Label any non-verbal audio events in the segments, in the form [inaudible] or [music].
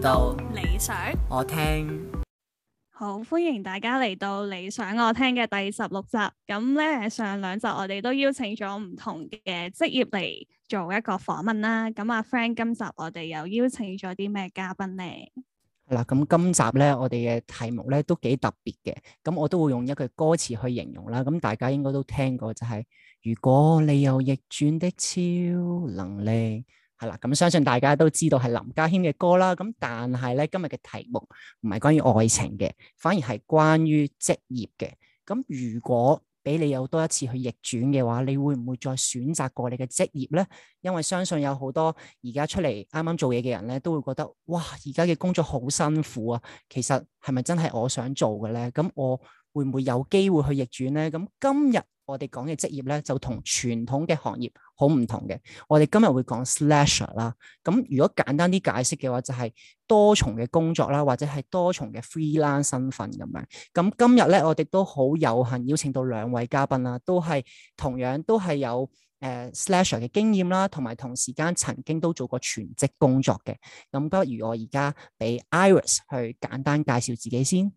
到你想我聽。好，歡迎大家嚟到你想我聽嘅第十六集。咁咧，上兩集我哋都邀請咗唔同嘅職業嚟做一個訪問啦。咁阿、啊、friend，今集我哋又邀請咗啲咩嘉賓咧？嗱、嗯，咁今集咧，我哋嘅題目咧都幾特別嘅。咁我都會用一句歌詞去形容啦。咁大家應該都聽過，就係、是、如果你有逆轉的超能力。係啦，咁，嗯，相信大家都知道係林家謙嘅歌啦。咁但係咧，今日嘅題目唔係關於愛情嘅，反而係關於職業嘅。咁如果俾你有多一次去逆轉嘅話，你會唔會再選擇過你嘅職業咧？因為相信有好多而家出嚟啱啱做嘢嘅人咧，都會覺得，哇，而家嘅工作好辛苦啊！其實係咪真係我想做嘅咧？咁我會唔會有機會去逆轉咧？咁今日我哋講嘅職業咧，就同傳統嘅行業。好唔同嘅，我哋今日會講 Slasher 啦。咁如果簡單啲解釋嘅話，就係、是、多重嘅工作啦，或者係多重嘅 freelance 身份咁樣。咁今日咧，我哋都好有幸邀請到兩位嘉賓啦，都係同樣都係有誒、呃、Slasher 嘅經驗啦，同埋同時間曾經都做過全職工作嘅。咁不如我而家俾 Iris 去簡單介紹自己先。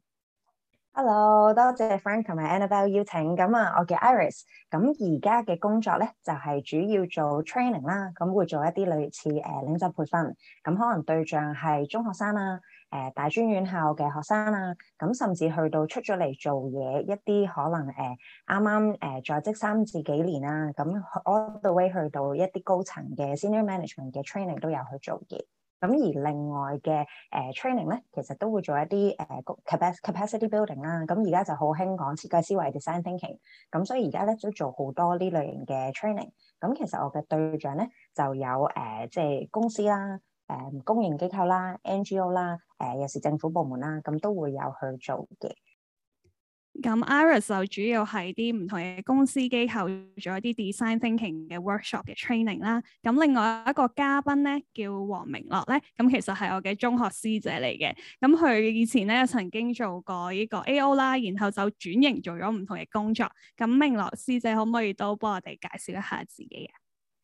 Hello，多謝 Frank 同埋 Annabelle 邀請，咁啊，我叫 Iris，咁而家嘅工作咧就係、是、主要做 training 啦，咁會做一啲類似誒、呃、領袖培訓，咁可能對象係中學生啊，誒、呃、大專院校嘅學生啊，咁甚至去到出咗嚟做嘢一啲可能誒啱啱誒在職三至幾年啦，咁 all the way 去到一啲高層嘅 senior management 嘅 training 都有去做嘅。咁而另外嘅誒 training 咧，其實都會做一啲誒、呃、capacity capacity building 啦、啊。咁而家就好興講設計思維 （design thinking）、啊。咁所以而家咧都做好多呢類型嘅 training。咁、啊、其實我嘅對象咧就有誒，即、呃、係、就是、公司啦、誒、呃、公營機構啦、NGO 啦、誒、呃、有時政府部門啦，咁、啊、都會有去做嘅。咁 Iris 就主要係啲唔同嘅公司機構做一啲 design thinking 嘅 workshop 嘅 training 啦。咁另外一個嘉賓咧叫黃明樂咧，咁其實係我嘅中學師姐嚟嘅。咁佢以前咧曾經做過呢個 AO 啦，然後就轉型做咗唔同嘅工作。咁明樂師姐可唔可以都幫我哋介紹一下自己啊？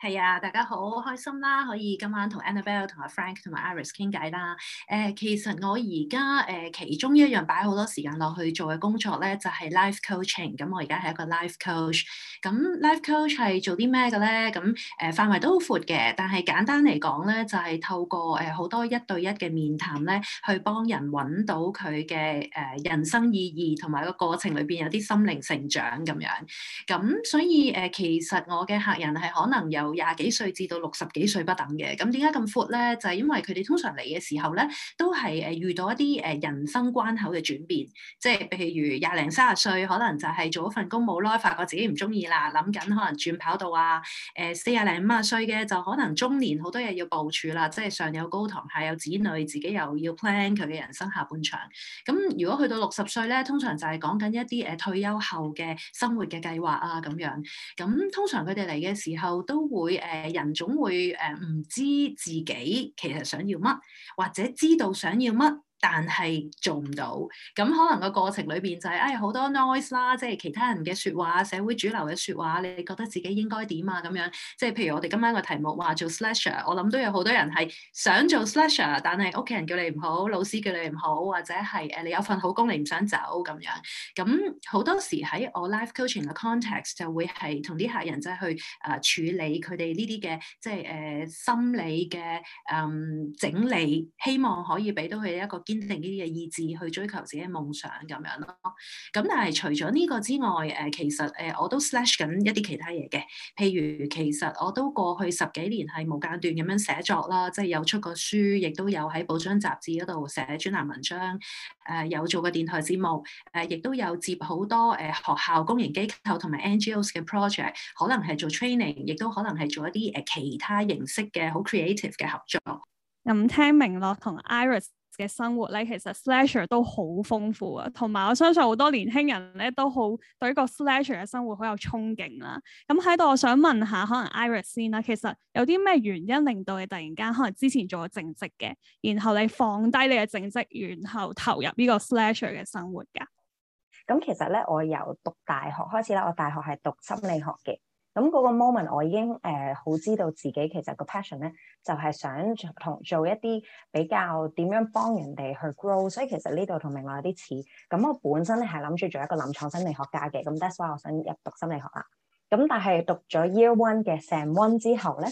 係啊，大家好，開心啦！可以今晚同 Annabelle、同阿 Frank、同埋 Iris 傾偈啦。誒、呃，其實我而家誒其中一樣擺好多時間落去做嘅工作咧，就係、是、life coaching、嗯。咁我而家係一個 life coach、嗯。咁 life coach 係做啲咩嘅咧？咁、嗯、誒、呃、範圍都好闊嘅，但係簡單嚟講咧，就係、是、透過誒好、呃、多一對一嘅面談咧，去幫人揾到佢嘅誒人生意義同埋個過程裏邊有啲心靈成長咁樣。咁、嗯、所以誒、呃、其實我嘅客人係可能有。廿幾歲至到六十幾歲不等嘅，咁點解咁闊咧？就係、是、因為佢哋通常嚟嘅時候咧，都係誒遇到一啲誒人生關口嘅轉變，即係譬如廿零三十歲可能就係做一份工冇耐，發覺自己唔中意啦，諗緊可能轉跑道啊。誒、呃、四廿零五廿歲嘅就可能中年好多嘢要部署啦，即係上有高堂，下有子女，自己又要 plan 佢嘅人生下半場。咁如果去到六十歲咧，通常就係講緊一啲誒退休後嘅生活嘅計劃啊，咁樣。咁通常佢哋嚟嘅時候都會。會誒人總會誒唔知自己其實想要乜，或者知道想要乜。但係做唔到，咁可能個過程裏邊就係誒好多 noise 啦，即係其他人嘅説話、社會主流嘅説話，你覺得自己應該點啊？咁樣，即係譬如我哋今晚個題目話做 slasher，我諗都有好多人係想做 slasher，但係屋企人叫你唔好，老師叫你唔好，或者係誒你有份好工你唔想走咁樣。咁好多時喺我 life coaching 嘅 context 就會係同啲客人即係去誒、呃、處理佢哋呢啲嘅即係誒、呃、心理嘅嗯、呃、整理，希望可以俾到佢一個堅定呢啲嘅意志去追求自己嘅夢想咁樣咯。咁但係除咗呢個之外，誒、呃、其實誒、呃、我都 slash 緊一啲其他嘢嘅，譬如其實我都過去十幾年係無間斷咁樣寫作啦，即係有出過書，亦都有喺報章雜誌嗰度寫專欄文章，誒、呃、有做過電台節目，誒、呃、亦都有接好多誒、呃、學校公營機構同埋 NGOs 嘅 project，可能係做 training，亦都可能係做一啲誒、呃、其他形式嘅好 creative 嘅合作。咁聽明樂同 Iris 嘅生活咧，其實 Slasher 都好豐富啊，同埋我相信好多年輕人咧都好對呢個 Slasher 嘅生活好有憧憬啦。咁喺度我想問下，可能 Iris 先啦，其實有啲咩原因令到你突然間可能之前做咗正職嘅，然後你放低你嘅正職，然後投入呢個 Slasher 嘅生活㗎？咁其實咧，我由讀大學開始啦，我大學係讀心理學嘅。咁嗰個 moment 我已經誒、呃、好知道自己其實個 passion 咧就係、是、想同做，做一啲比較點樣幫人哋去 grow，所以其實呢度同明樂有啲似。咁我本身咧係諗住做一個臨床心理學家嘅，咁 that's why 我想入讀心理學啦。咁但係讀咗 year one 嘅 sem one 之後咧，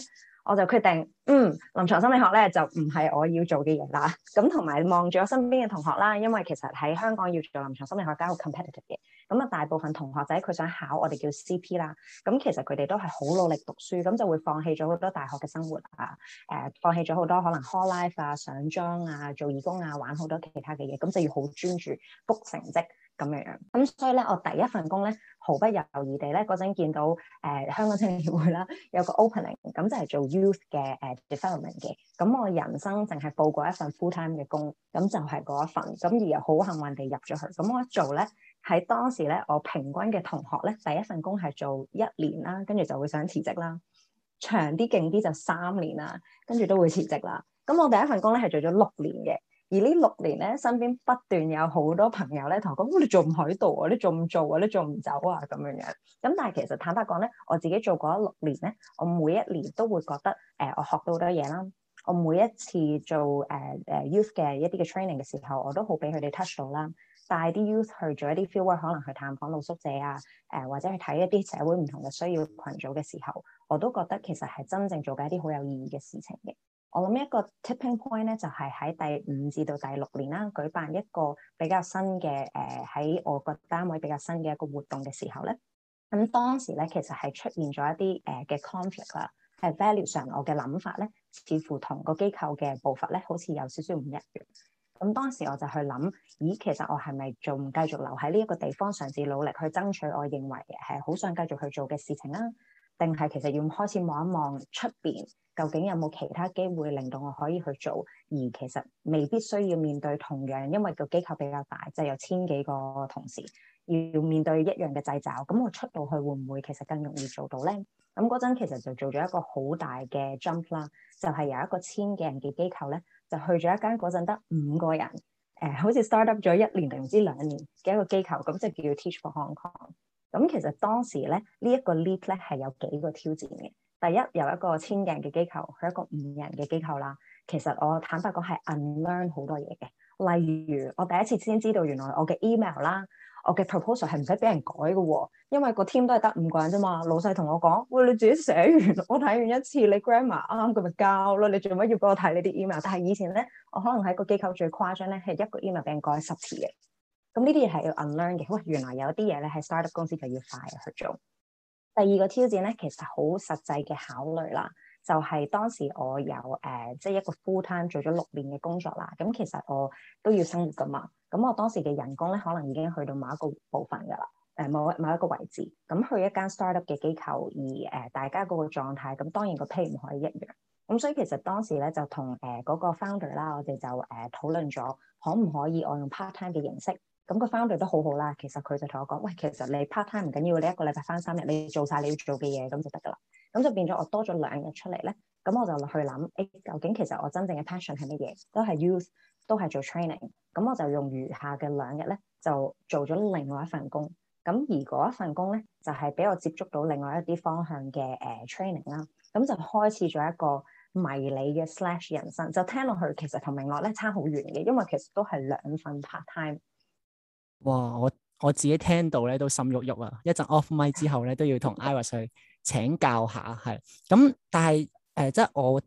我就決定，嗯，臨床心理學咧就唔係我要做嘅嘢啦。咁同埋望住我身邊嘅同學啦，因為其實喺香港要做臨床心理學家，真係好 competitive 嘅。咁啊，大部分同學仔佢想考我哋叫 CP 啦。咁其實佢哋都係好努力讀書，咁就會放棄咗好多大學嘅生活啊。誒、呃，放棄咗好多可能 hall life 啊、上妝啊、做義工啊、玩好多其他嘅嘢，咁就要好專注 book 成績。咁樣樣，咁所以咧，我第一份工咧，毫不猶豫地咧，嗰陣見到誒、呃、香港青年協會啦，有個 opening，咁就係做 youth 嘅誒、uh, development 嘅。咁我人生淨係報過一份 full time 嘅工，咁就係嗰一份。咁而又好幸運地入咗去。咁我一做咧，喺當時咧，我平均嘅同學咧，第一份工係做一年啦，跟住就會想辭職啦。長啲勁啲就三年啦，跟住都會辭職啦。咁我第一份工咧係做咗六年嘅。而呢六年咧，身邊不斷有好多朋友咧同我講，你仲唔喺度啊？你仲唔做啊？你仲唔走啊？咁樣樣。咁、嗯、但係其實坦白講咧，我自己做過一六年咧，我每一年都會覺得誒、呃，我學到好多嘢啦。我每一次做誒誒、呃呃、youth 嘅一啲嘅 training 嘅時候，我都好俾佢哋 touch 到啦。帶啲 youth 去做一啲 fieldwork，可能去探訪露宿者啊，誒、呃、或者去睇一啲社會唔同嘅需要群組嘅時候，我都覺得其實係真正做緊一啲好有意義嘅事情嘅。我諗一個 tipping point 呢，就係、是，喺第五至到第六年啦，舉辦一個比較新嘅，誒、呃、喺我個單位比較新嘅一個活動嘅時候咧，咁當時咧其實係出現咗一啲誒嘅 conflict 啦，係 value 上我嘅諗法咧，似乎同個機構嘅步伐咧，好似有少少唔一樣。咁當時我就去諗，咦，其實我係咪仲繼續留喺呢一個地方，嘗試努力去爭取我認為嘅，係好想繼續去做嘅事情啦？定係其實要開始望一望出邊，究竟有冇其他機會令到我可以去做，而其實未必需要面對同樣，因為個機構比較大，就係、有千幾個同事要面對一樣嘅掣肘。咁我出到去會唔會其實更容易做到呢？咁嗰陣其實就做咗一個好大嘅 jump 啦，就係由一個千幾人嘅機構咧，就去咗一間嗰陣得五個人，誒、呃，好似 start up 咗一年定唔知兩年嘅一個機構，咁就叫 Teach for Hong Kong。咁其實當時咧呢一個 lead 咧係有幾個挑戰嘅。第一，由一個千人嘅機構，佢一個五人嘅機構啦。其實我坦白講係 unlearn 好多嘢嘅。例如，我第一次先知道原來我嘅 email 啦，我嘅 proposal 係唔使俾人改嘅，啊，因為個 team 都係得五個人咋嘛。老細同我講，喂，你自己寫完，我睇完一次，你 grammar 啱，啊，佢咪交咯。你做乜要俾我睇你啲 email？但係以前咧，我可能喺個機構最誇張咧，係一個 email 俾人改十次嘅。咁呢啲嘢係要 unlearn 嘅。喂，原來有啲嘢咧，喺 startup 公司就要快去做。第二個挑戰咧，其實好實際嘅考慮啦，就係、是、當時我有誒，即、呃、係、就是、一個 full time 做咗六年嘅工作啦。咁其實我都要生活噶嘛。咁我當時嘅人工咧，可能已經去到某一個部分㗎啦，誒、呃、某某一個位置。咁、嗯、去一間 startup 嘅機構，而、呃、誒大家嗰個狀態，咁、呃、當然個 pay 唔可以一樣。咁、嗯、所以其實當時咧就同誒嗰個 founder 啦，我哋就誒討論咗，呃、可唔可以我用 part time 嘅形式？咁佢翻對都好好啦。其實佢就同我講：喂，其實你 part time 唔緊要，你一個禮拜返三日，你做晒你要做嘅嘢，咁就得㗎啦。咁就變咗我多咗兩日出嚟咧。咁我就去諗誒、欸，究竟其實我真正嘅 passion 係乜嘢？都係 youth，都係做 training。咁我就用餘下嘅兩日咧，就做咗另外一份工。咁而嗰一份工咧，就係、是、俾我接觸到另外一啲方向嘅誒 training 啦。咁就開始咗一個迷你嘅 slash 人生。就聽落去其實同明樂咧差好遠嘅，因為其實都係兩份 part time。哇！我我自己聽到咧都心郁郁啊，一陣 off mic 之後咧都要同 Iris 去請教下，係咁、嗯，但係誒、呃，即係我誒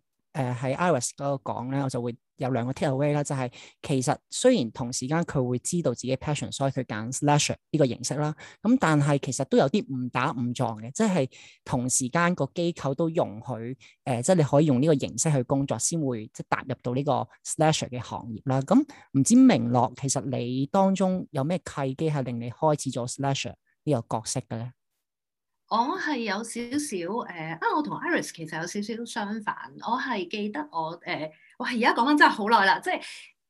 喺 Iris 嗰度講咧，我就會。有兩個 take away 啦，就係其實雖然同時間佢會知道自己 passion，所以佢揀 slasher 呢個形式啦。咁但係其實都有啲誤打誤撞嘅，即、就、係、是、同時間個機構都容許誒，即、呃、係、就是、你可以用呢個形式去工作，先會即係踏入到呢個 slasher 嘅行業啦。咁唔知明樂，其實你當中有咩契機係令你開始咗 slasher 呢個角色嘅咧、呃？我係有少少誒啊！我同 Iris 其實有少少相反。我係記得我誒。呃我而家講翻真係好耐啦，即係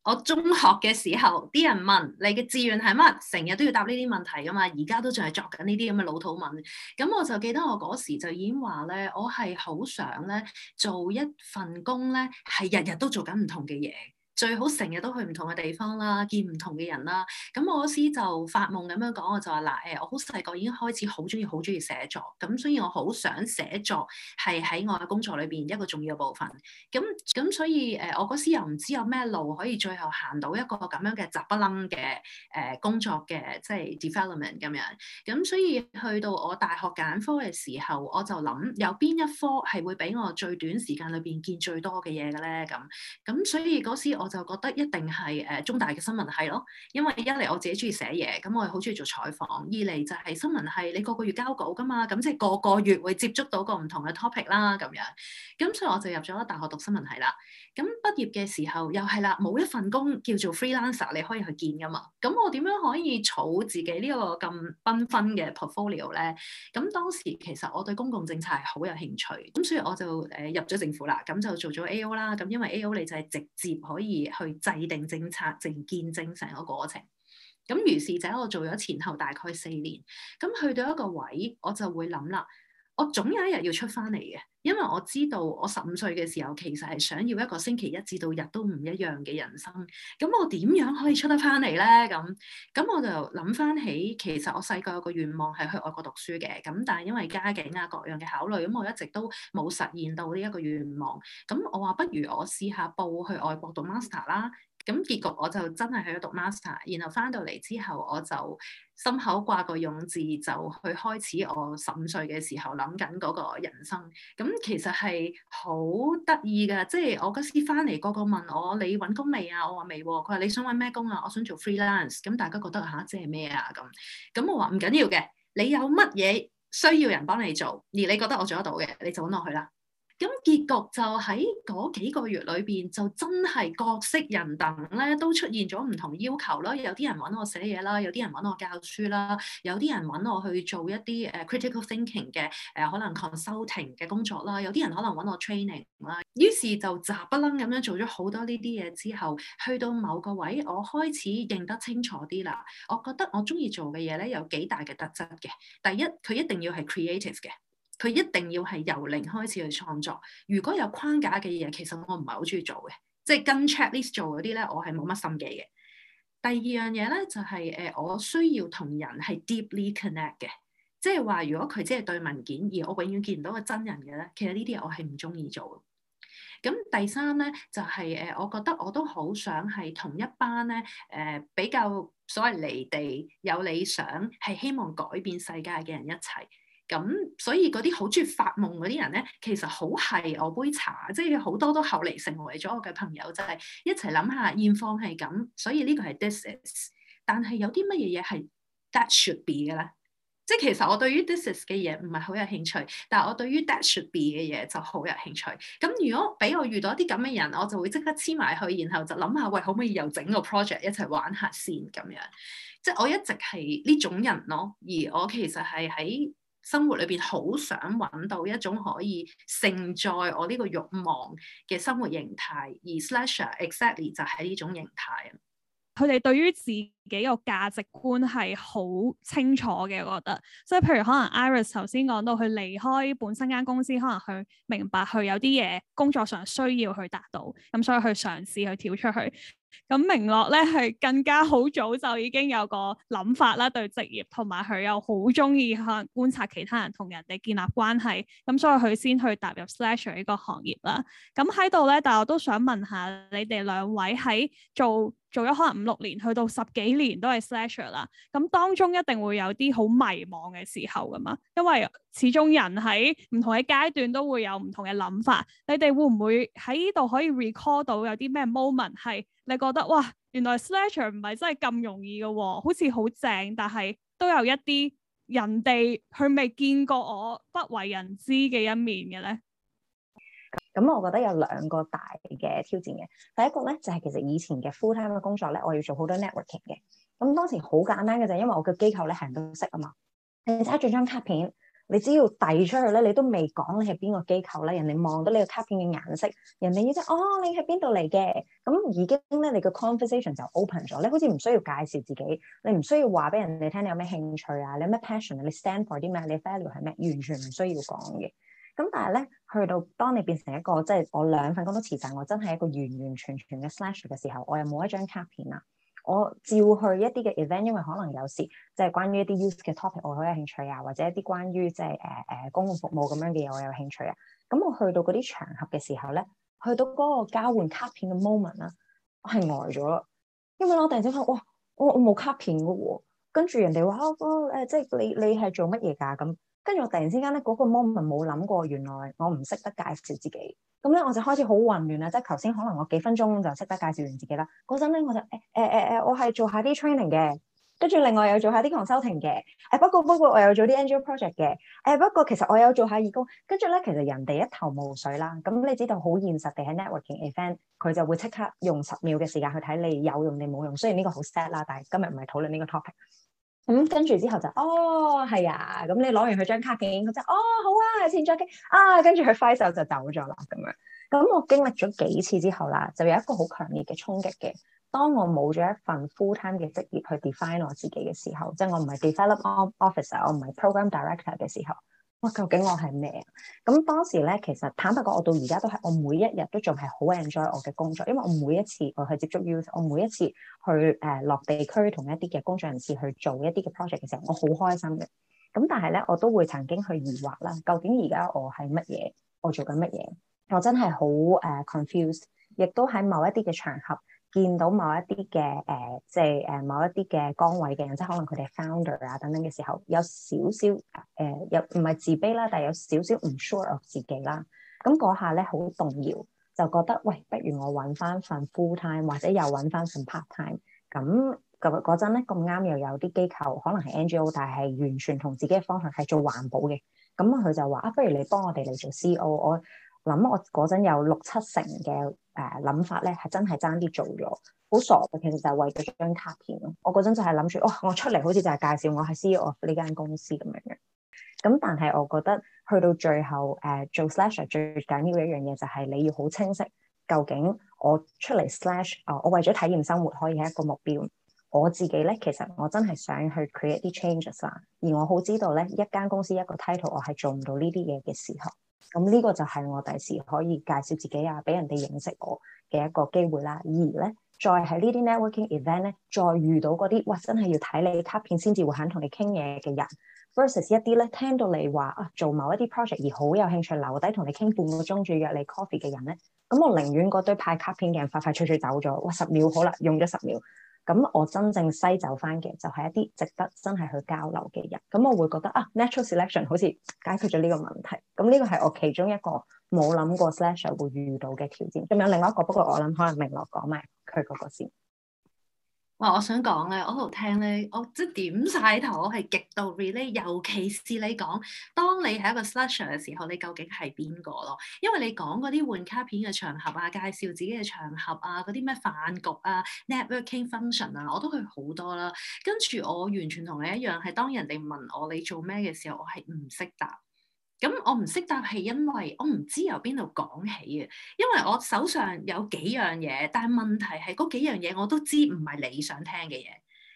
我中學嘅時候，啲人問你嘅志願係乜，成日都要答呢啲問題噶嘛。而家都仲係作緊呢啲咁嘅老土問。咁我就記得我嗰時就已經話咧，我係好想咧做一份工咧，係日日都做緊唔同嘅嘢。最好成日都去唔同嘅地方啦，見唔同嘅人啦。咁我嗰時就發夢咁樣講，我就話嗱，誒我好細個已經開始好中意，好中意寫作。咁所以我好想寫作係喺我嘅工作裏邊一個重要嘅部分。咁咁所以誒、呃，我嗰時又唔知有咩路可以最後行到一個咁樣嘅雜不楞嘅誒工作嘅即係 development 咁樣。咁所以去到我大學揀科嘅時候，我就諗有邊一科係會俾我最短時間裏邊見最多嘅嘢嘅咧？咁咁所以嗰時我。我就覺得一定係誒中大嘅新聞系咯，因為一嚟我自己中意寫嘢，咁我係好中意做採訪；二嚟就係新聞系，你個個月交稿噶嘛，咁即係個個月會接觸到個唔同嘅 topic 啦，咁樣。咁所以我就入咗大學讀新聞系啦。咁畢業嘅時候又係啦，冇一份工叫做 freelancer 你可以去見噶嘛。咁我點樣可以儲自己呢個咁繽紛嘅 portfolio 咧？咁當時其實我對公共政策係好有興趣，咁所以我就誒入咗政府啦。咁就做咗 A.O. 啦。咁因為 A.O. 你就係直接可以。去制定政策，正見證成個過程，咁於是就我做咗前後大概四年，咁去到一個位，我就會諗啦。我總有一日要出翻嚟嘅，因為我知道我十五歲嘅時候其實係想要一個星期一至到日都唔一樣嘅人生。咁我點樣可以出得翻嚟咧？咁咁我就諗翻起，其實我細個有個願望係去外國讀書嘅。咁但係因為家境啊、各樣嘅考慮，咁我一直都冇實現到呢一個願望。咁我話不如我試下報去外國讀 master 啦。咁結局我就真係喺度讀 master，然後翻到嚟之後我就心口掛個勇字，就去開始我十五歲嘅時候諗緊嗰個人生。咁其實係好得意㗎，即係我嗰時翻嚟，個個問我，你揾工未啊？我話未喎，佢話你想揾咩工啊？我想做 freelance。咁大家覺得吓，即係咩啊？咁咁我話唔緊要嘅，你有乜嘢需要人幫你做，而你覺得我做得到嘅，你就落去啦。咁結局就喺嗰幾個月裏邊，就真係各色人等咧都出現咗唔同要求囉。有啲人揾我寫嘢啦，有啲人揾我教書啦，有啲人揾我去做一啲誒 critical thinking 嘅誒可能 consulting 嘅工作啦。有啲人可能揾我 training 啦。於是就雜不楞咁樣做咗好多呢啲嘢之後，去到某個位，我開始認得清楚啲啦。我覺得我中意做嘅嘢咧有幾大嘅特質嘅。第一，佢一定要係 creative 嘅。佢一定要係由零開始去創作。如果有框架嘅嘢，其實我唔係好中意做嘅，即係跟 checklist 做嗰啲咧，我係冇乜心機嘅。第二樣嘢咧就係誒，我需要同人係 deeply connect 嘅，即係話如果佢只係對文件，而我永遠見唔到個真人嘅咧，其實呢啲我係唔中意做。咁第三咧就係誒，我覺得我都好想係同一班咧誒、呃，比較所謂離地有理想，係希望改變世界嘅人一齊。咁所以嗰啲好中意發夢嗰啲人咧，其實好係我杯茶，即係好多都後嚟成為咗我嘅朋友，就係、是、一齊諗下現況係咁，所以呢個係 this is, 但係有啲乜嘢嘢係 that should be 嘅咧？即係其實我對於 this 嘅嘢唔係好有興趣，但係我對於 that should be 嘅嘢就好有興趣。咁如果俾我遇到一啲咁嘅人，我就會即刻黐埋去，然後就諗下喂，可唔可以又整個 project 一齊玩下先咁樣？即係我一直係呢種人咯，而我其實係喺。生活裏邊好想揾到一種可以盛載我呢個慾望嘅生活形態，而 Slasher exactly 就係呢種形態。佢哋對於自己個價值觀係好清楚嘅，我覺得，所以譬如可能 Iris 頭先講到佢離開本身間公司，可能佢明白佢有啲嘢工作上需要去達到，咁所以去嘗試去跳出去。咁明樂咧，係更加好早就已經有個諗法啦，對職業同埋佢又好中意向觀察其他人同人哋建立關係，咁所以佢先去踏入 slasher 呢個行業啦。咁喺度咧，但係我都想問下你哋兩位喺做。做咗可能五六年，去到十幾年都係 Slasher 啦。咁當中一定會有啲好迷茫嘅時候噶嘛，因為始終人喺唔同嘅階段都會有唔同嘅諗法。你哋會唔會喺呢度可以 recall 到有啲咩 moment 係你覺得哇，原來 Slasher 唔係真係咁容易嘅喎、哦，好似好正，但係都有一啲人哋佢未見過我不為人知嘅一面嘅咧？咁、嗯、我覺得有兩個大嘅挑戰嘅，第一個咧就係、是、其實以前嘅 full time 嘅工作咧，我要做好多 networking 嘅。咁、嗯、當時好簡單嘅就係因為我嘅機構咧，人都識啊嘛，你揸住張卡片，你只要遞出去咧，你都未講你係邊個機構咧，人哋望到你個卡片嘅顏色，人哋、哦嗯、要知哦你係邊度嚟嘅，咁已經咧你個 conversation 就 open 咗，你好似唔需要介紹自己，你唔需要話俾人哋聽你有咩興趣啊，你有咩 passion 啊，你 stand for 啲咩，你 value 係咩，完全唔需要講嘅。咁但係咧，去到當你變成一個即係我兩份工都辭晒，我真係一個完完全全嘅 slash 嘅時候，我又冇一張卡片啦。我照去一啲嘅 event，因為可能有時即係關於一啲 use 嘅 topic，我好有興趣啊，或者一啲關於即係誒誒公共服務咁樣嘅嘢，我有興趣啊。咁我去到嗰啲場合嘅時候咧，去到嗰個交換卡片嘅 moment 啦，我係呆咗囉，因為我突然之間哇，我我冇卡片嘅喎、哦，跟住人哋話啊即係你你係做乜嘢㗎咁？跟住我突然之間咧，嗰個 moment 冇諗過，原來我唔識得介紹自己，咁咧我就開始好混亂啊！即係頭先可能我幾分鐘就識得介紹完自己啦，嗰陣咧我就誒誒誒誒，我係做下啲 training 嘅，跟住另外又做下啲講修聽嘅，誒、欸、不過不過我有做啲 angel project 嘅，誒、欸、不過其實我有做下義工，跟住咧其實人哋一頭霧水啦。咁你知道好現實地喺 networking event，佢就會即刻用十秒嘅時間去睇你有用定冇用。雖然呢個好 sad 啦，但係今日唔係討論呢個 topic。咁跟住之後就哦係啊，咁、嗯、你攞完佢張卡片，佢就哦好啊，先再傾啊，跟住佢揮手就走咗啦咁樣。咁、嗯、我經歷咗幾次之後啦，就有一個好強烈嘅衝擊嘅。當我冇咗一份 full time 嘅職業去 define 我自己嘅時候，即係我唔係 development officer，我唔係 program director 嘅時候。究竟我係咩啊？咁當時咧，其實坦白講，我到而家都係，我每一日都仲係好 enjoy 我嘅工作，因為我每一次我去接觸 youth，我每一次去誒、呃、落地區同一啲嘅工作人士去做一啲嘅 project 嘅時候，我好開心嘅。咁但係咧，我都會曾經去疑惑啦，究竟而家我係乜嘢？我做緊乜嘢？我真係好誒 confused。亦都喺某一啲嘅場合見到某一啲嘅誒，即係誒某一啲嘅崗位嘅人，即係可能佢哋 founder 啊等等嘅時候，有少少誒、呃，又唔係自卑啦，但係有少少唔 sure of 自己啦。咁嗰下咧好動搖，就覺得喂，不如我揾翻份 full time，或者又揾翻份 part time。咁嗰嗰陣咧咁啱又有啲機構，可能係 NGO，但係完全同自己嘅方向係做環保嘅。咁佢就話啊，不如你幫我哋嚟做 CEO，我諗我嗰陣有六七成嘅。誒諗、啊、法咧係真係爭啲做咗，好傻嘅。其實就係為咗張卡片咯。我嗰陣就係諗住，哇、哦！我出嚟好似就係介紹我係 CEO of 呢間公司咁樣嘅。咁但係我覺得去到最後，誒、啊、做 slasher、啊、最緊要嘅一樣嘢就係你要好清晰，究竟我出嚟 slash 啊，我為咗體驗生活可以係一個目標。我自己咧其實我真係想去 create 啲 changes 啦，而我好知道咧一間公司一個 title 我係做唔到呢啲嘢嘅時候。咁呢個就係我第時可以介紹自己啊，俾人哋認識我嘅一個機會啦。而咧，再喺呢啲 networking event 咧，再遇到嗰啲哇，真係要睇你卡片先至會肯同你傾嘢嘅人 [noise] ，versus 一啲咧聽到你話啊做某一啲 project 而好有興趣留低同你傾半個鐘，住約你 coffee 嘅人咧，咁我寧願嗰堆派卡片嘅人快快脆脆走咗，哇，十秒好啦，用咗十秒。咁我真正西走翻嘅就係一啲值得真係去交流嘅人，咁我會覺得啊，natural selection 好似解決咗呢個問題，咁呢個係我其中一個冇諗過 slash 會遇到嘅挑戰，仲有另外一個，不過我諗可能明樂講埋佢嗰個先。我想講咧，我喺度聽咧，我即係點晒頭，我係極度 relate，尤其是你講，當你係一個 slasher 嘅時候，你究竟係邊個咯？因為你講嗰啲換卡片嘅場合啊，介紹自己嘅場合啊，嗰啲咩飯局啊、networking function 啊，我都去好多啦。跟住我完全同你一樣，係當人哋問我你做咩嘅時候，我係唔識答。咁我唔識答係因為我唔知由邊度講起啊，因為我手上有幾樣嘢，但係問題係嗰幾樣嘢我都知唔係你想聽嘅嘢，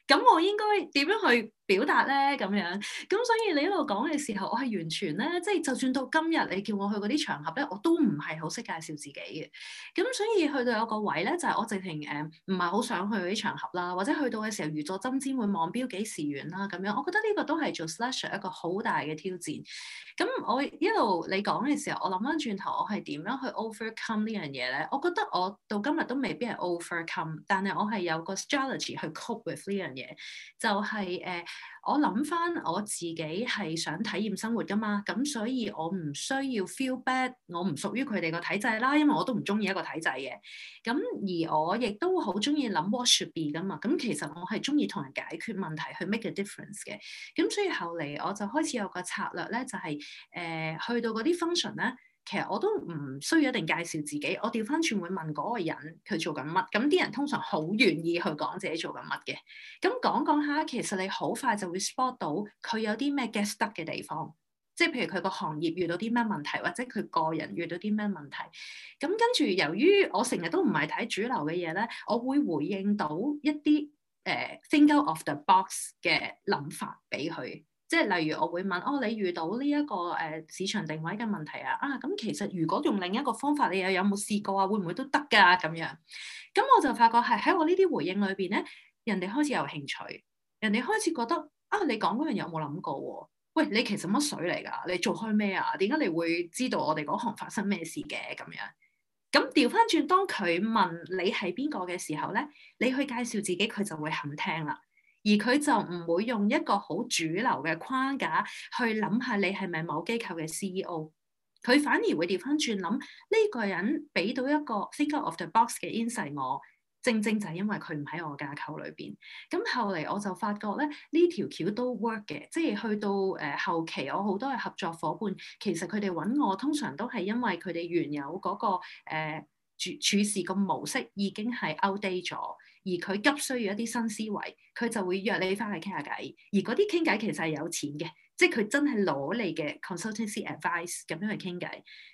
咁我應該點樣去表達咧咁樣，咁所以你一路講嘅時候，我係完全咧，即係就算到今日，你叫我去嗰啲場合咧，我都唔係好識介紹自己嘅。咁所以去到有個位咧，就係我直情誒唔係好想去嗰啲場合啦，或者去到嘅時候如坐針氈會望標幾時遠啦咁樣。我覺得呢個都係做 slasher 一個好大嘅挑戰。咁我一路你講嘅時候，我諗翻轉頭，我係點樣去 overcome 呢樣嘢咧？我覺得我到今日都未必係 overcome，但係我係有個 strategy 去 cope with 呢樣嘢，就係誒。呃我諗翻我自己係想體驗生活噶嘛，咁所以我唔需要 feel bad，我唔屬於佢哋個體制啦，因為我都唔中意一個體制嘅。咁而我亦都好中意諗 what should be 噶嘛，咁其實我係中意同人解決問題去 make a difference 嘅。咁所以後嚟我就開始有個策略咧，就係、是、誒、呃、去到嗰啲 function 咧。其實我都唔需要一定介紹自己，我調翻轉會問嗰個人佢做緊乜，咁啲人通常好願意去講自己做緊乜嘅。咁講講下，其實你好快就會 spot 到佢有啲咩 get stuck 嘅地方，即係譬如佢個行業遇到啲咩問題，或者佢個人遇到啲咩問題。咁跟住，由於我成日都唔係睇主流嘅嘢咧，我會回應到一啲誒、呃、thinker of the box 嘅諗法俾佢。即係例如，我會問哦，你遇到呢、這、一個誒、呃、市場定位嘅問題啊，啊咁、嗯、其實如果用另一個方法，你又有冇試過啊？會唔會都得噶咁樣？咁、嗯、我就發覺係喺我呢啲回應裏邊咧，人哋開始有興趣，人哋開始覺得啊，你講嗰樣嘢有冇諗過喎、啊？喂，你其實乜水嚟噶？你做開咩啊？點解你會知道我哋嗰行發生咩事嘅咁樣？咁調翻轉調返轉，當佢問你係邊個嘅時候咧，你去介紹自己，佢就會肯聽啦。而佢就唔會用一個好主流嘅框架去諗下你係咪某機構嘅 CEO，佢反而會調翻轉諗呢個人俾到一個 think o、er、out of the box 嘅 insight 我，正正就係因為佢唔喺我架構裏邊。咁後嚟我就發覺咧，呢條橋都 work 嘅，即係去到誒、呃、後期，我好多嘅合作伙伴其實佢哋揾我，通常都係因為佢哋原有嗰、那個誒、呃、處處事個模式已經係 outdated 咗。而佢急需要一啲新思維，佢就會約你翻去傾下偈。而嗰啲傾偈其實係有錢嘅，即係佢真係攞你嘅 consultancy advice 咁樣去傾偈。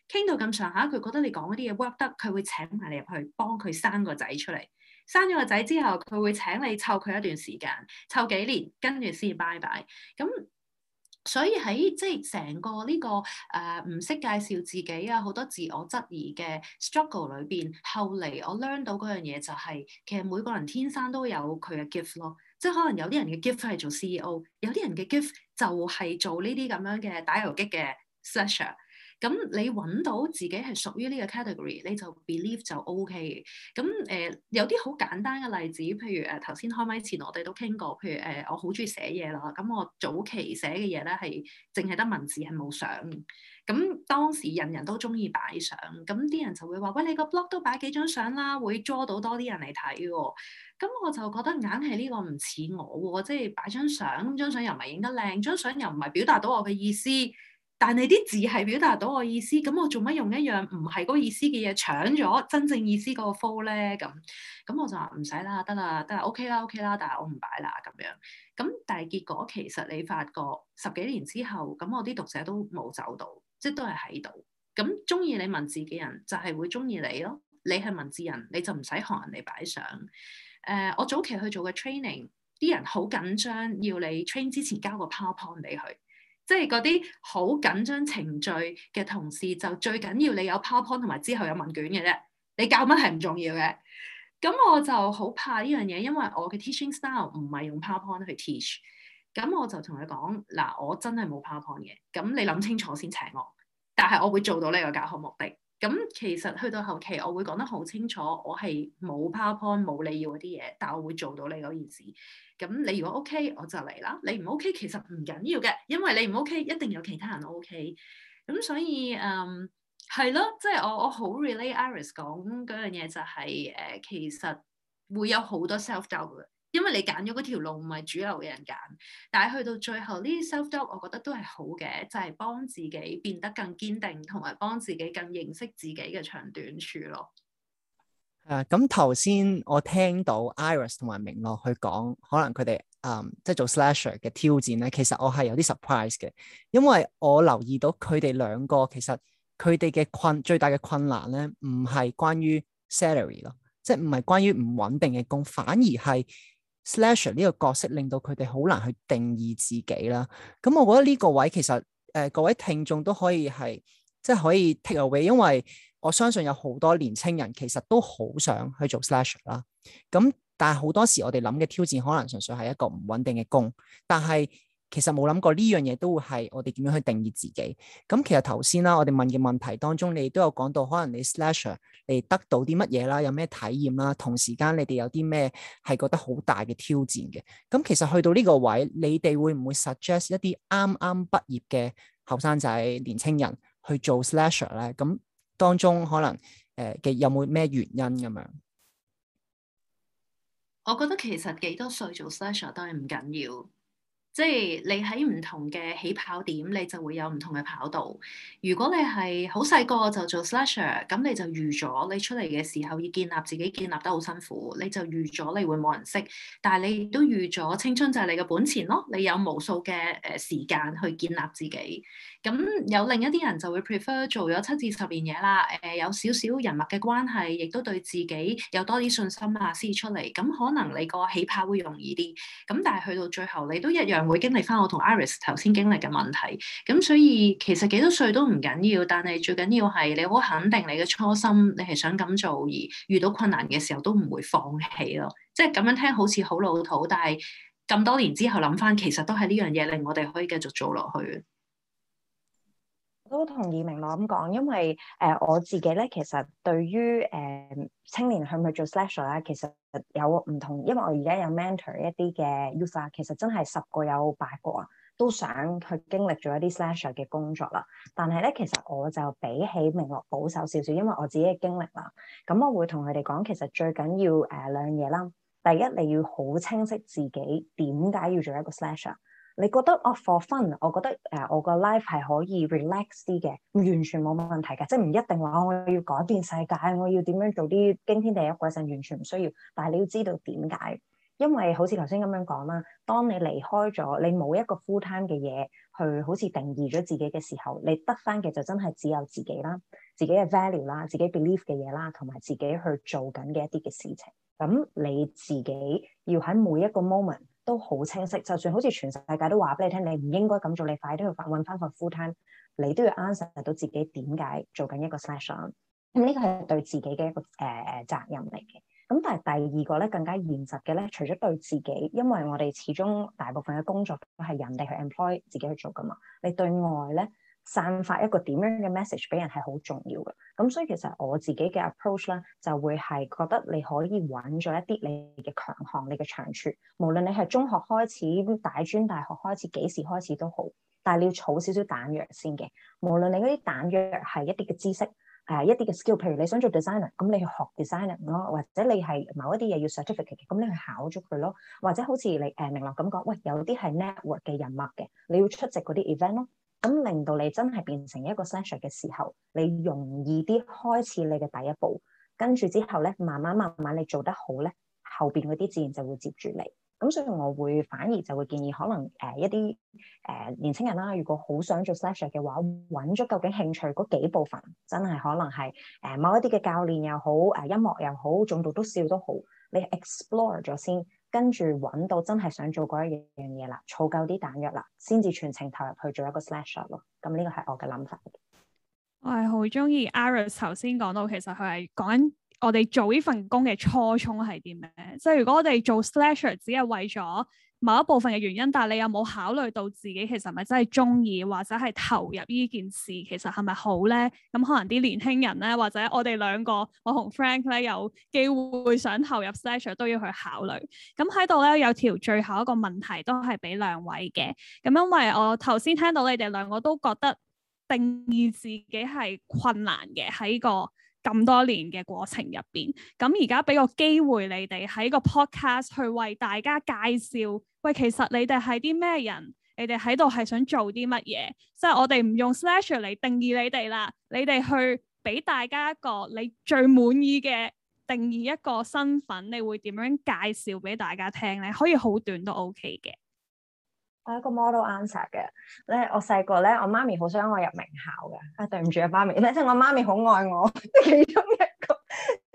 傾到咁上下，佢覺得你講嗰啲嘢 work 得，佢會請埋你入去幫佢生個仔出嚟。生咗個仔之後，佢會請你湊佢一段時間，湊幾年，跟住先拜拜。咁所以喺即係成個呢、這個誒唔識介紹自己啊，好多自我質疑嘅 struggle 裏邊，後嚟我 learn 到嗰樣嘢就係、是，其實每個人天生都有佢嘅 gift 咯，即係可能有啲人嘅 gift 係做 CEO，有啲人嘅 gift 就係做呢啲咁樣嘅打游擊嘅 slasher。咁你揾到自己係屬於呢個 category，你就 believe 就 OK。咁誒、呃、有啲好簡單嘅例子，譬如誒頭先開咪前我哋都傾過，譬如誒、呃、我好中意寫嘢啦。咁我早期寫嘅嘢咧係淨係得文字係冇相。咁當時人人都中意擺相，咁啲人就會話：「喂，你個 blog 都擺幾張相啦，會捉到多啲人嚟睇喎。咁我就覺得硬係呢個唔似我喎、哦，即、就、係、是、擺張相，張相又唔係影得靚，張相又唔係表達到我嘅意思。但你啲字係表達到我意思，咁我做乜用一樣唔係嗰意思嘅嘢搶咗真正意思嗰個 focus 咧？咁咁我就話唔使啦，得啦，得啦，OK 啦，OK 啦，但係我唔擺啦咁樣。咁但係結果其實你發覺十幾年之後，咁我啲讀者都冇走到，即係都係喺度。咁中意你文字嘅人就係會中意你咯。你係文字人，你就唔使學人哋擺相。誒、呃，我早期去做嘅 training，啲人好緊張，要你 train 之前交個 PowerPoint 俾佢。即係嗰啲好緊張程序嘅同事，就最緊要你有 PowerPoint，同埋之後有問卷嘅啫，你教乜係唔重要嘅。咁我就好怕呢樣嘢，因為我嘅 teaching style 唔係用 PowerPoint 去 teach。咁我就同佢講嗱，我真係冇 PowerPoint 嘅，咁你諗清楚先請我。但係我會做到呢個教學目的。咁其實去到後期，我會講得好清楚，我係冇 PowerPoint 冇你要嗰啲嘢，但係我會做到你嗰件事。咁你如果 OK 我就嚟啦，你唔 OK 其實唔緊要嘅，因為你唔 OK 一定有其他人 OK。咁所以嗯係咯，即係、就是、我我好 relate Iris 講嗰樣嘢就係、是、誒、呃，其實會有好多 self doubt。因為你揀咗嗰條路唔係主流嘅人揀，但係去到最後，呢啲 self doubt 我覺得都係好嘅，就係、是、幫自己變得更堅定，同埋幫自己更認識自己嘅長短處咯。係啊，咁頭先我聽到 Iris 同埋明樂去講，可能佢哋嗯即係做 slasher 嘅挑戰咧，其實我係有啲 surprise 嘅，因為我留意到佢哋兩個其實佢哋嘅困最大嘅困難咧，唔係關於 salary 咯，即係唔係關於唔穩定嘅工，反而係。Slasher 呢個角色令到佢哋好難去定義自己啦，咁我覺得呢個位其實誒、呃、各位聽眾都可以係即係可以 take away，因為我相信有好多年青人其實都好想去做 Slasher 啦，咁但係好多時我哋諗嘅挑戰可能純粹係一個唔穩定嘅工，但係。其實冇諗過呢樣嘢都會係我哋點樣去定義自己咁。其實頭先啦，我哋問嘅問題當中，你都有講到，可能你 slasher 嚟得到啲乜嘢啦，有咩體驗啦，同時間你哋有啲咩係覺得好大嘅挑戰嘅。咁其實去到呢個位，你哋會唔會 suggest 一啲啱啱畢業嘅後生仔年青人，人去做 slasher 咧？咁當中可能誒嘅、呃、有冇咩原因咁樣？我覺得其實幾多歲做 slasher 都係唔緊要。即係你喺唔同嘅起跑點，你就會有唔同嘅跑道。如果你係好細個就做 slasher，咁你就預咗你出嚟嘅時候要建立自己，建立得好辛苦。你就預咗你會冇人識，但係你亦都預咗青春就係你嘅本錢咯。你有無數嘅誒時間去建立自己。咁有另一啲人就會 prefer 做咗七至十年嘢啦。誒、呃，有少少人脈嘅關係，亦都對自己有多啲信心啊，先至出嚟咁，可能你個起跑會容易啲。咁但係去到最後，你都一樣會經歷翻我同 Iris 頭先經歷嘅問題。咁所以其實幾多歲都唔緊要，但係最緊要係你好肯定你嘅初心你，你係想咁做而遇到困難嘅時候都唔會放棄咯。即係咁樣聽好似好老土，但係咁多年之後諗翻，其實都係呢樣嘢令我哋可以繼續做落去。都同意明樂咁講，因為誒、呃、我自己咧，其實對於誒、呃、青年去唔去做 slasher 啦，啊，其實有唔同，因為我而家有 mentor 一啲嘅 user，其實真係十個有八個都想去經歷咗一啲 slasher 嘅工作啦。但係咧，其實我就比起明樂保守少少，因為我自己嘅經歷啦。咁我會同佢哋講，其實最緊要誒兩樣嘢啦，第一你要好清晰自己點解要做一個 slasher。你覺得我、哦、for fun，我覺得誒、呃、我個 life 係可以 relax 啲嘅，完全冇問題嘅，即係唔一定話我要改變世界，我要點樣做啲驚天地泣鬼神，完全唔需要。但係你要知道點解。因為好似頭先咁樣講啦，當你離開咗你冇一個 full time 嘅嘢去好似定義咗自己嘅時候，你得返嘅就真係只有自己啦，自己嘅 value 啦，自己 believe 嘅嘢啦，同埋自己去做緊嘅一啲嘅事情。咁你自己要喺每一個 moment，都好清晰，就算好似全世界都話俾你聽，你唔應該咁做，你快啲去揾翻份 full time，你都要 answer 到自己點解做緊一個 slasher。咁、嗯、呢、這個係對自己嘅一個誒、呃、責任嚟嘅。咁但係第二個咧，更加現實嘅咧，除咗對自己，因為我哋始終大部分嘅工作都係人哋去 employ ed, 自己去做噶嘛，你對外咧。散發一個點樣嘅 message 俾人係好重要嘅，咁所以其實我自己嘅 approach 咧就會係覺得你可以揾咗一啲你嘅強項、你嘅長處，無論你係中學開始、大專、大學開始幾時開始都好，但係你要儲少少彈藥先嘅。無論你嗰啲彈藥係一啲嘅知識，誒一啲嘅 skill，譬如你想做 designer，咁你去學 designer 咯，或者你係某一啲嘢要 certificate 嘅，咁你去考咗佢咯，或者好似你誒明樂咁講，喂有啲係 network 嘅人物嘅，你要出席嗰啲 event 咯。咁令到你真係變成一個 slasher 嘅時候，你容易啲開始你嘅第一步，跟住之後咧，慢慢慢慢你做得好咧，後邊嗰啲自然就會接住你。咁所以我會反而就會建議，可能誒、呃、一啲誒、呃、年青人啦、啊，如果好想做 slasher 嘅話，揾咗究竟興趣嗰幾部分，真係可能係誒、呃、某一啲嘅教練又好，誒、呃、音樂又好，仲到都笑都好，你 explore 咗先。跟住揾到真係想做嗰一樣嘢啦，儲夠啲彈藥啦，先至全程投入去做一個 slasher 咯。咁、嗯、呢、這個係我嘅諗法。我係好中意 Iris 頭先講到，其實佢係講。我哋做呢份工嘅初衷係啲咩？即係如果我哋做 slasher 只係為咗某一部分嘅原因，但係你有冇考慮到自己其實咪真係鍾意或者係投入呢件事其實係咪好咧？咁可能啲年輕人咧，或者我哋兩個，我同 Frank 咧有機會想投入 slasher 都要去考慮。咁喺度咧有條最後一個問題都係俾兩位嘅。咁因為我頭先聽到你哋兩個都覺得定義自己係困難嘅喺個。咁多年嘅過程入邊，咁而家俾個機會你哋喺個 podcast 去為大家介紹，喂，其實你哋係啲咩人？你哋喺度係想做啲乜嘢？即係我哋唔用 slash 嚟定義你哋啦，你哋去俾大家一個你最滿意嘅定義一個身份，你會點樣介紹俾大家聽咧？可以好短都 OK 嘅。我一個 model answer 嘅咧，我細個咧，我媽咪好想我入名校嘅。啊、哎，對唔住啊，媽咪，即係我媽咪好愛我，其中一個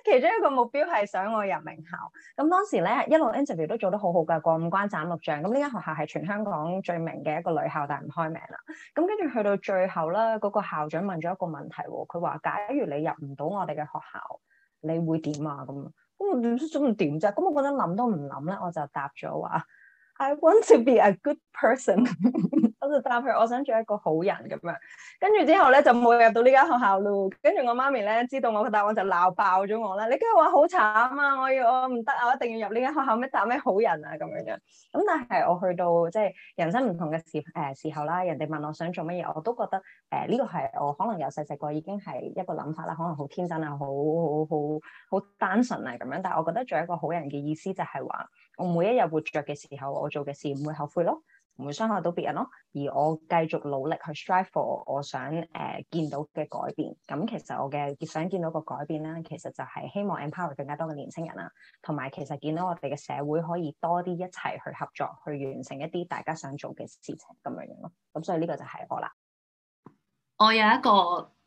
其中一個目標係想我入名校。咁當時咧，一路 interview 都做得好好噶，過五關斬六將。咁呢間學校係全香港最名嘅一個女校，但係唔開名啦。咁跟住去到最後啦，嗰、嗰個校長問咗一個問題，佢話：假如你入唔到我哋嘅學校，你會點啊？咁咁點點點啫？咁我嗰陣諗都唔諗咧，我就答咗話。I want to be a good person。 [laughs] 我就答佢，我想做一個好人咁樣。跟住之後咧就冇入到呢間學校咯。跟住我媽咪咧知道我個答案就鬧爆咗我啦。你梗係話好慘啊！我要我唔得啊！我一定要入呢間學校咩？答咩好人啊？咁樣樣。咁但係我去到即係、就是、人生唔同嘅時誒、呃、時候啦，人哋問我想做乜嘢，我都覺得誒呢、呃這個係我可能由細細個已經係一個諗法啦，可能好天真啊，好好好好單純啊咁樣。但係我覺得做一個好人嘅意思就係話。我每一日活着嘅時候，我做嘅事唔會後悔咯，唔會傷害到別人咯。而我繼續努力去 strive for 我想誒見到嘅改變。咁其實我嘅想見到個改變咧，其實就係希望 empower 更加多嘅年輕人啦，同埋其實見到我哋嘅社會可以多啲一齊去合作，去完成一啲大家想做嘅事情咁樣樣咯。咁所以呢個就係我啦。我有一個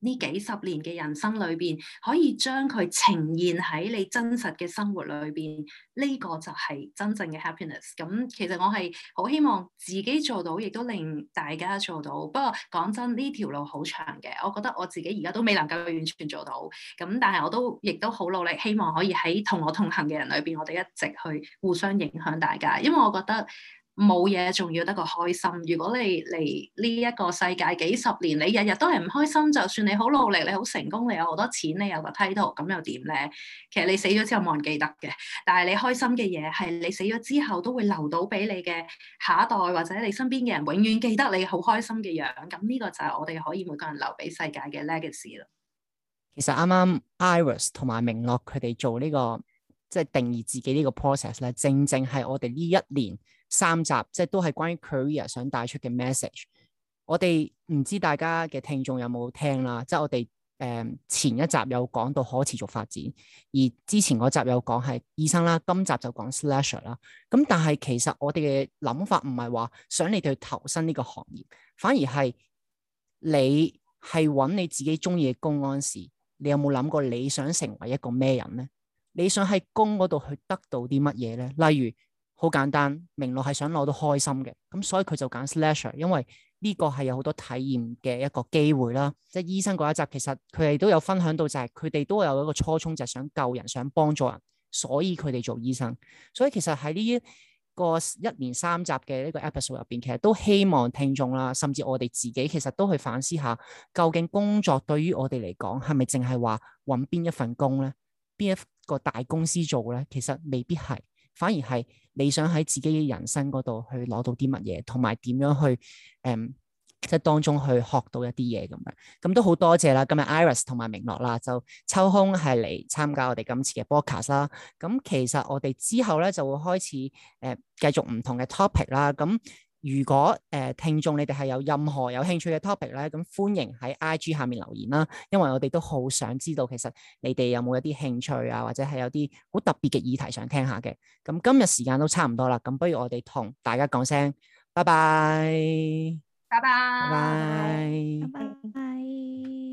呢幾十年嘅人生裏邊，可以將佢呈現喺你真實嘅生活裏邊，呢個就係真正嘅 happiness。咁其實我係好希望自己做到，亦都令大家做到。不過講真，呢條路好長嘅，我覺得我自己而家都未能夠完全做到。咁但係我都亦都好努力，希望可以喺同我同行嘅人裏邊，我哋一直去互相影響大家，因為我覺得。冇嘢仲要得個開心。如果你嚟呢一個世界幾十年，你日日都係唔開心，就算你好努力，你好成功，你有好多錢，你有個 title，咁又點咧？其實你死咗之後冇人記得嘅。但係你開心嘅嘢，係你死咗之後都會留到俾你嘅下一代或者你身邊嘅人，永遠記得你好開心嘅樣。咁呢個就係我哋可以每個人留俾世界嘅 legacy 咯。其實啱啱 Iris 同埋明樂佢哋做呢、這個即係、就是、定義自己呢個 process 咧，正正係我哋呢一年。三集即係都係關於 career 想帶出嘅 message。我哋唔知大家嘅聽眾有冇聽啦，即係我哋誒前一集有講到可持續發展，而之前嗰集有講係醫生啦，今集就講 Slasher 啦。咁但係其實我哋嘅諗法唔係話想你哋去投身呢個行業，反而係你係揾你自己中意嘅公安事。你有冇諗過你想成為一個咩人咧？你想喺公嗰度去得到啲乜嘢咧？例如。好簡單，明樂係想攞到開心嘅，咁所以佢就揀 Slasher，因為呢個係有好多體驗嘅一個機會啦。即係醫生嗰一集，其實佢哋都有分享到，就係佢哋都有一個初衷，就係、是、想救人、想幫助人，所以佢哋做醫生。所以其實喺呢個一連三集嘅呢個 episode 入邊，其實都希望聽眾啦，甚至我哋自己，其實都去反思下，究竟工作對於我哋嚟講係咪淨係話搵邊一份工咧？邊一個大公司做咧？其實未必係。反而係你想喺自己人生嗰度去攞到啲乜嘢，同埋點樣去誒、嗯，即係當中去學到一啲嘢咁樣。咁都好多謝啦，今日 Iris 同埋明樂啦，就抽空係嚟參加我哋今次嘅 podcast 啦。咁其實我哋之後咧就會開始誒、呃、繼續唔同嘅 topic 啦。咁如果誒、呃、聽眾，你哋係有任何有興趣嘅 topic 咧，咁歡迎喺 IG 下面留言啦，因為我哋都好想知道其實你哋有冇一啲興趣啊，或者係有啲好特別嘅議題想聽下嘅。咁今日時間都差唔多啦，咁不如我哋同大家講聲拜拜，拜拜，拜拜，拜拜。